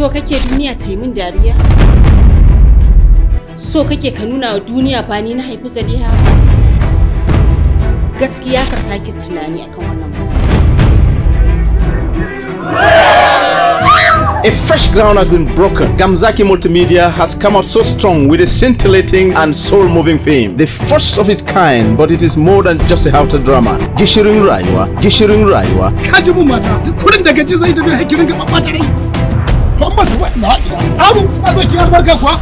so kake duniya ta yi min dariya so kake ka nuna wa duniya ba ni na haifi zaliha gaskiya ka sake tunani akan wannan A fresh ground has been broken. Gamzaki Multimedia has come out so strong with a scintillating and soul moving fame. The first of its kind, but it is more than just a house drama. Gishirin Raiwa, Gishirin Raiwa. Kajibu mata, kudin da gaji zai tafi hakirin ga Abu, ka saki albarka kuwa?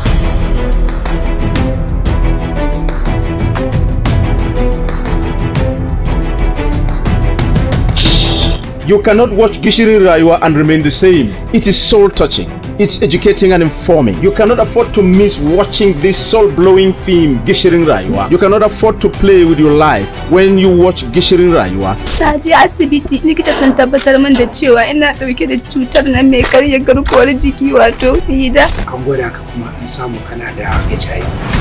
You cannot watch Gishiri Raiwa and remain the same. It is soul touching. It's educating and informing. You cannot afford to miss watching this soul blowing film, Gishirin Raiwa. You cannot afford to play with your life when you watch Gishirin Raiwa. Ta asibiti, likita sun tabbatar min da cewa ina dauke da cutar nan mai karya garkuwar jiki wato sida. An gwada ka kuma an samu kana da HIV.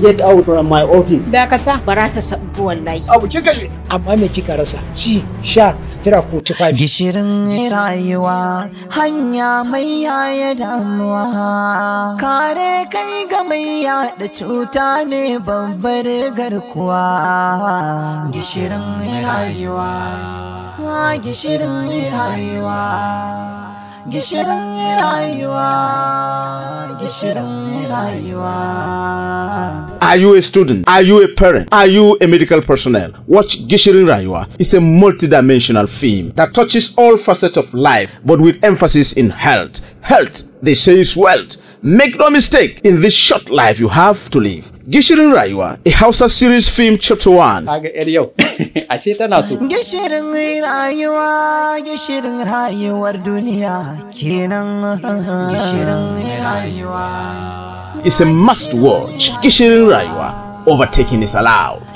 get out from my office. da kasa? bara ta sabu wallahi. Abu kika je. Amma me kika rasa? Ci, sha, sutura ko tufafi. Gishirin rayuwa hanya mai yaya damuwa. Kare kai ga mai da cuta ne babbar garkuwa. Gishirin rayuwa. Gishirin rayuwa. gishirin Are you a student? Are you a parent? Are you a medical personnel? Watch Gishirin Raiwa. It's a multidimensional film that touches all facets of life but with emphasis in health. Health, they say, is wealth Make no mistake, in this short life you have to live. Gishirin Raiwa, a Hausa series film chapter 1. Kaga yar yau, ashe Gishirin Raiwa, gishirin Raiwa, duniya kenan. Gishirin Raiwa. It's a must watch. Gishirin Raiwa, overtaking is allowed.